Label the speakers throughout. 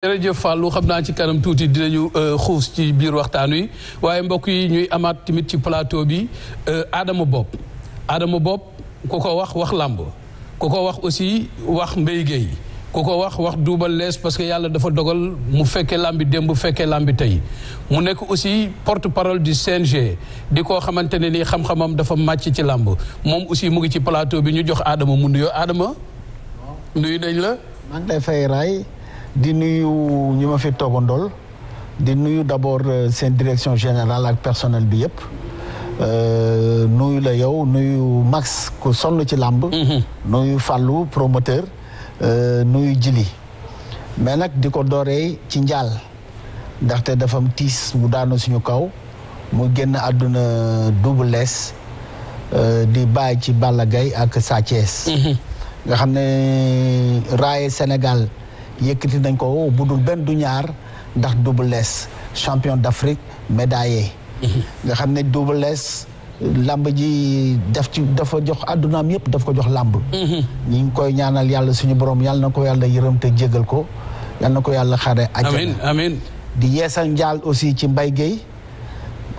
Speaker 1: jërëjëf Fallou xam naa ci kanam tuuti dina dinañu euh, xuus ci biir waxtaan wi waaye mbokk yi ñuy amaat tamit ci plateau bi euh, Adama Bopp Adama Bopp ku ko wax wax làmb ku ko wax aussi wax Mbaye Guèye ku ko wax wax duubal lees parce que yàlla dafa dogal mu fekkee làmbi démb fekkee làmbi tey mu nekk aussi porte parole du CNG di koo xamante ne ni xam-xamam dafa màcc ci làmb moom aussi mu ngi ci plateau bi ñu jox Adama mu nuyoo Adama nuyu
Speaker 2: dañ la. maa di nuyu ñi ma fi toogandool di nuyu d'abord euh, seen direction générale ak personnel bi yëpp euh, nuyu la yow nuyu Max ku sonn ci làmb mhm. nuyu Fallou promoteur euh, nuyu Jili mais nag di ko dooree ci njaal ndaxte dafam am tiis bu daanu suñu kaw mu génn àdduna Double Less di bàyyi ci Balla Gaye ak Sa Thiès mhm. nga xam ne raaye Sénégal yëkkati nañ ko oh, bu dul benn du ñaar ndax Double Less champion d'Afrique médaillé mhm. nga xam ne Double Less làmb ji daf ci dafa jox àddunaam yëpp daf ko jox làmb mhm. ñu ngi koy ñaanal yàlla suñu borom yàlla na ko yàlla yërëm te jégal ko yàlla na ko yàlla xare amiin di yeesal njaal aussi ci mbay Gueye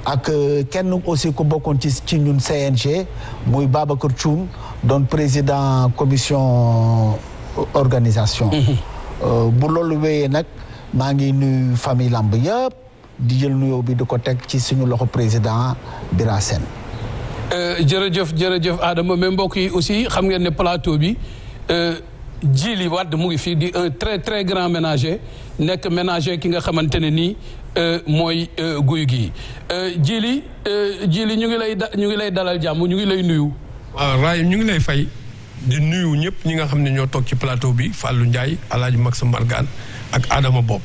Speaker 2: ak euh, kenn aussi ku bokkoon ci ci ñun CNG muy Babacar Thioum doon président commission euh, organisation mhm. Euh, bu loolu wéyee nag maa ngi nuyu famille làmb yëpp di jël nuyoo bi di ko teg ci suñu loxo président Bira Sène
Speaker 1: euh, jërëjëf jërëjëf aadama mais mbokk yi aussi xam ngeen ne plateau bi euh, Djily Wade mu ngi fii di un très très grand ménager nekk ménager ki nga xamante ne nii mooy guy gii Djily Djily ñu ngi lay ñu ngi lay dalal jàmm ñu ngi lay nuyu. waaw Raye ñu ngi lay fay.
Speaker 3: di nuyu ñëpp ñi nga xam ne ñoo toog ci plateau bi Fallou Ndiaye mag sa Mbargaan ak Adama Bob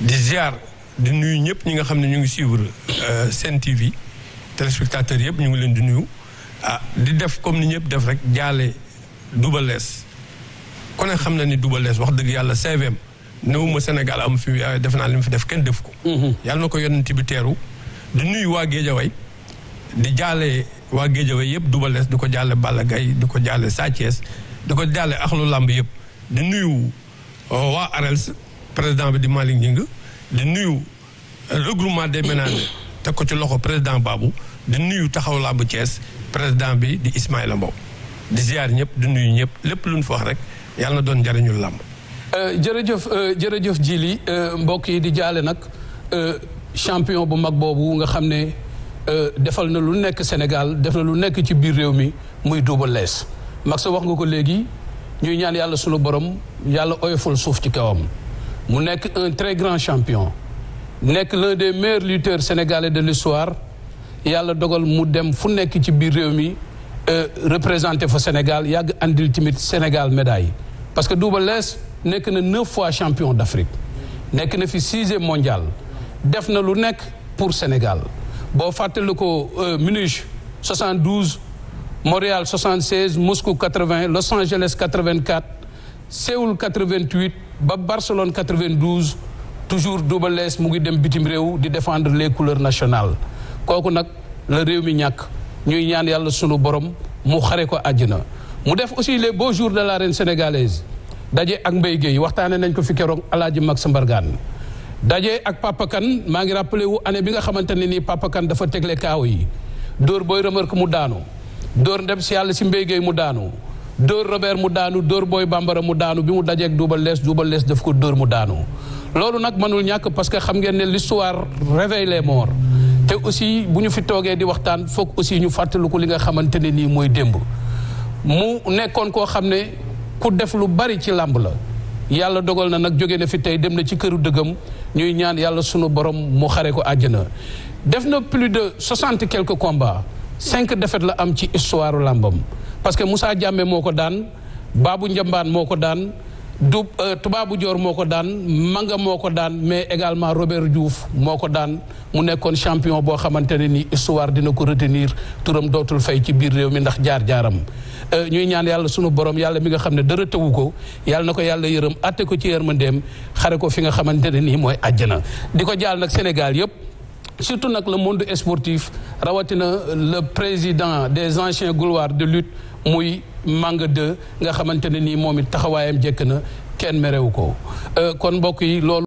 Speaker 3: di ziar di nuyu ñëpp ñi nga xam ne ñu ngi suivre euh, Sen TV téléspectateurs yëpp ñu ngi leen di nuyu ah di def comme ni ñëpp def rek jaale Double Less ku xam na ni Double Less wax dëgg yàlla CVM néewuma Sénégal am fi def naa li mu fi def kenn def ko mm-hmm. yàlla na ko yonent bi di nuyu waa Géejawaay di jaale waa Géejawaay yëpp Double Less di ko jaale Balla Gaye du ko jaale Sa Thiès di ko jaale axlu làmb yëpp di nuyu euh, waa ARELS président bi di Malick Ngingue di nuyu euh, regroupement des ménages teg ko ci loxo président Babou di nuyu taxaw làmb Thiès président bi di Ismaïla Mbow di ziar ñëpp di nuyu ñëpp lépp lu ñu fa wax rek yàlla na doon njariñul làmb
Speaker 1: euh, jërëjëf jërëjëf Jili mbokk yi di jaale nag champion bu mag boobu nga xam ne Euh, defal na lu nekk Sénégal def na lu nekk ci biir réew mi muy Double Less mag wax nga ko léegi ñuy ñaan yàlla sunu borom yàlla oyofal suuf ci kawam mu nekk un très grand champion nekk l'un des meilleurs lutteurs sénégalais de l'histoire yàlla dogal mu dem fu nekk ci biir réew mi euh, représenté fa Sénégal yàgg andil tamit Sénégal médaille parce que Double Less nekk na neuf fois champion d'Afrique nekk na fi sixième mondial def na lu nekk pour Sénégal boo fàttali ko euh, Munich 72 Montréal 76 Moscou 80 Los Angeles 84 Séoul 88 ba Barcelone 92 toujours Double mu ngi dem bitim réew di défendre les couleurs nationales kooku nag la réew mi ñàkk ñuy ñaan yàlla sunu borom mu xare ko àjjana mu def aussi les beaux jour de la l'arène sénégalaise daje ak Mbaye Guèye waxtaane nañ ko fi keroog Alaaji Max Mbargane daje ak Papa maa ngi rappelé wu année bi nga xamante ne nii Papa dafa tegle kaaw yi dóor booy ko mu daanu dóor ndem si àll si mbéygéey mu daanu dóor Robert mu daanu dóor booy bambara mu daanu bi mu dajeeg duubal lees duubal lees daf ko dóor mu daanu loolu nag mënul ñàkk parce que xam ngeen ne l'histoire réveille les morts te aussi bu ñu fi toogee di waxtaan foog aussi ñu fàttaliku li nga xamante ne nii mooy démb mu nekkoon koo xam ne ku def lu bari ci làmb la yàlla dogal na nag jóge na fi tey dem na ci këru dëggam ñuy ñaan yàlla sunu borom mu xare ko àjjana def na plus de soixante quelques combats cinq défaites la am ci histoire làmbam parce que Moussa Diame moo ko daan baabu Njambaan moo ko daan du euh, tubaabu joor moo ko daan manga moo ko daan mais également Robert Diouf moo ko daan mu nekkoon champion boo xamante ne ni histoire dina ko retenir turam dootul fay ci biir réew mi ndax jaar-jaaram euh, ñuy ñaan yàlla sunu borom yàlla mi nga xam ne dara tëwu ko yàlla na ko yàlla yërëm atte ko ci yërmandeem xare ko fi nga xamante ne nii mooy àjjana di ko jaal nag Sénégal yëpp surtout nag le monde sportif rawatina le président des anciens gloires de lutte muy Manga 2 nga xamante ne nii moom it taxawaayam jekk na kenn merewu ko euh, kon mbokk yi